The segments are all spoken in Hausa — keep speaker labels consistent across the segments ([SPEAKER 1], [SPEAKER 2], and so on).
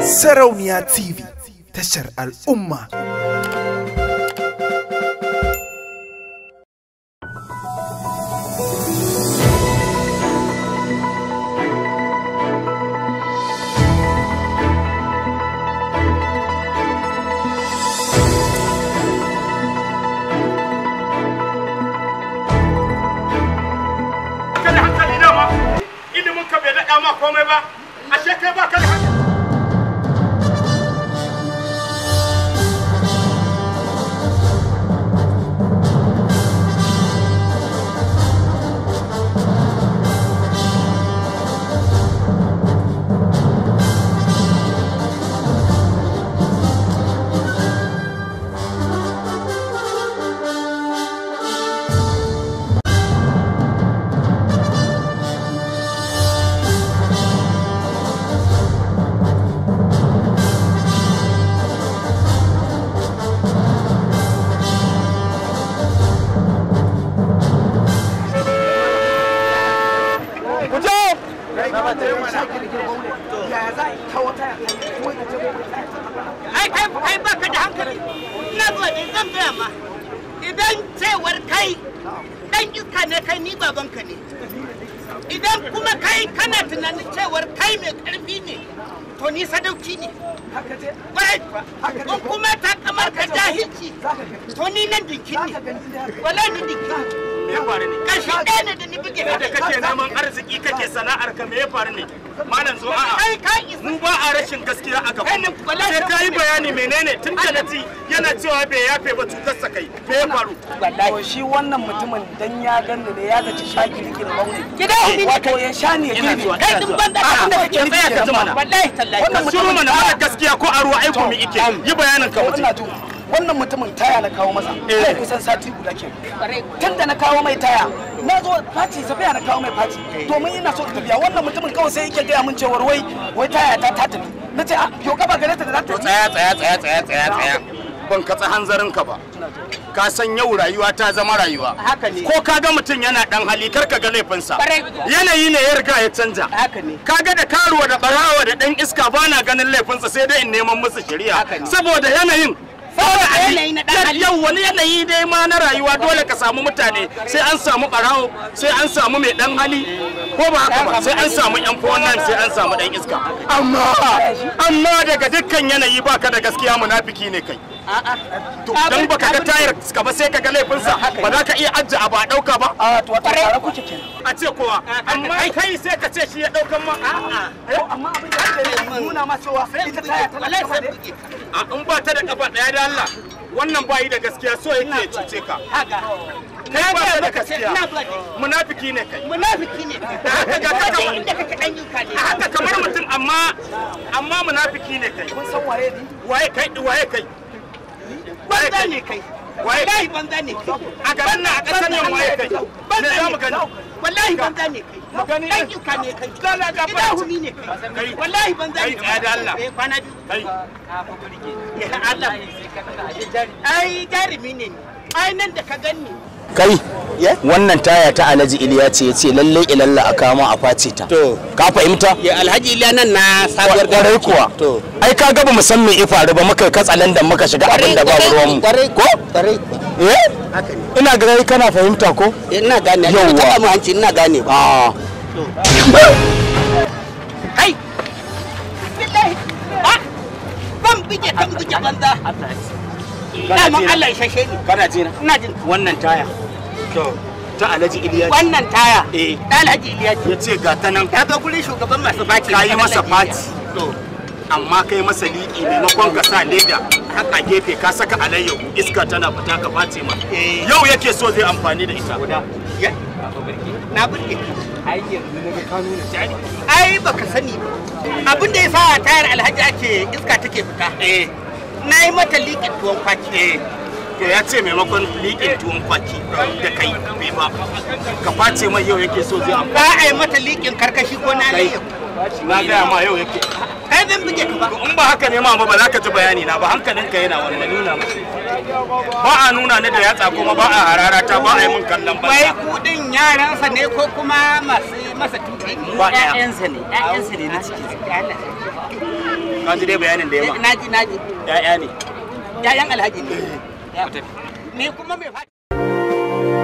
[SPEAKER 1] Sarauniya TV tashar al'umma. Kada hankali na ma, ilimin ka bai daɗa ma komai ba, ashe kai ba ka da ai kai kai baka da hankali ina zuwa ne zan gaya ma idan cewar kai dan iska ne kai ni babanka ne idan kuma kai kana tunanin cewar kai mai karfi ne to ni sadauki ne ko kuma ta kamar ka jahilci to ni nan dinki ne wala ni dinki ne kashi ɗaya ne ina da kake neman arziki kake sana'ar ka me ya faru ne malam zo a'a mu ba a rashin gaskiya a gaba sai ka yi bayani menene tun da nati yana cewa bai yafe ba cutar sa kai me ya faru wallahi shi wannan mutumin dan ya ganni ne ya ci shaki rike da mauni gida ubi wato ya shani ne gidi kai duk banda ka da kake tsaya ka mana wallahi tallahi wannan mutumin mana mara gaskiya ko a ruwa aiko mi ike um, yi bayanin ka mutum wannan mutumin taya na kawo masa eh. kai kusan sati guda ke tun da na kawo mai taya na zo faci safiya na kawo mai faci eh. domin ina so tafiya wannan mutumin kawai sai yake gaya min cewar wai wai taya ta ta tafi na ce ah yau kafa gare ta da za ta tsaya tsaya tsaya tsaya tsaya tsaya ban katsa hanzarin ka ba ka san yau rayuwa ta zama rayuwa ko ka ga mutum yana dan hali kar ka ga laifinsa yanayi ne ya riga ya canja ka ga da karuwa da barawa da dan iska ba na ganin laifinsa sai dai in neman musu shari'a saboda yanayin yau wani yanayi dai ma na rayuwa dole ka samu mutane sai an samu barawo sai an samu mai dan hali ko ba haka ba sai an samu yan nan sai an samu dan iska amma amma daga dukkan yanayi baka da gaskiya munafiki ne kai to dan baka ga tayar ka ba sai ka ga laifinsa ba za ka iya ajja ba dauka ba a to tare kuke kenan a ce kowa amma kai sai ka ce shi ya daukan ma a'a eh, amma abin da ya nuna ma cewa ita taya ta lai a in ba ta da kafa daya da Allah wannan bai da gaskiya so yake cuce ka kai ba ta da gaskiya munafiki ne kai munafiki ne haka ga ka kamar inda kake dan yin kale haka kamar mutum amma amma munafiki ne kai kun san waye ni waye kai waye kai Wanda ne kai wallahi banza ne kai a garin nan a kasar nan waye kai me za mu gani wallahi banza ne kai dan iska ne kai ga ne kai wallahi banza ne kai da Allah eh, kwana biyu kai ka fa burge Allah ai ne ainihin da ka gani kai wannan taya ta alhaji iliya ce ya ce lallai ilalla a kama a face ta ka fahimta ya alhaji iliya nan na sabuwar gare kuwa ai ka gaba musamman ya faru ba muka katsalan da muka shiga abin da ba ruwan mu. Eh? ko Eh? ina ga gare kana fahimta ko ina gane ina taba mu hanci ina gane ba kai ah. billahi ah! ban bige kan bige banza daman Allah ishashe ne kana ji na ina jin wannan taya to ta Alhaji Iliya wannan taya eh ta Alhaji Iliya ya ce ga ta nan ka ga gurin shugaban masu fati kayi masa fati to amma kai masa liƙi maimakon ka sa leda haka gefe ka saka alayyahu iska tana fita ka face ma eh. yau yake so zai amfani da ita na burge ai yanzu na ga kanu na jari ai baka sani abin da ya sa tayar alhaji ake iska take fita eh na yi mata liƙin tuwon kwaki eh, to ya ce maimakon liƙin tuwon kwaki da kai bai ba ka face mai yau yake so zai ba a yi mata liƙin karkashi ko na liƙin na gaya ma yau yake kai zan buge ka ba in ba haka ne ma ba za ka ji bayani na ba hankalinka yana wani nuna ba a nuna ni da yatsa kuma ba a hararata ba a yi min kallon ba wai kudin yaransa ne ko kuma masu masa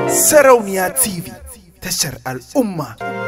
[SPEAKER 1] Sarauniya TV tashar al'umma.